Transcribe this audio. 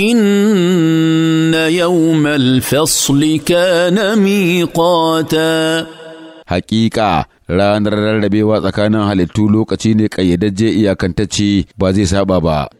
ان يوم الفصل كان ميقاتا حقيقه ranar rarrabewa tsakanin halittu lokaci ne ƙayyadajje iyakantacce ba zai saba ba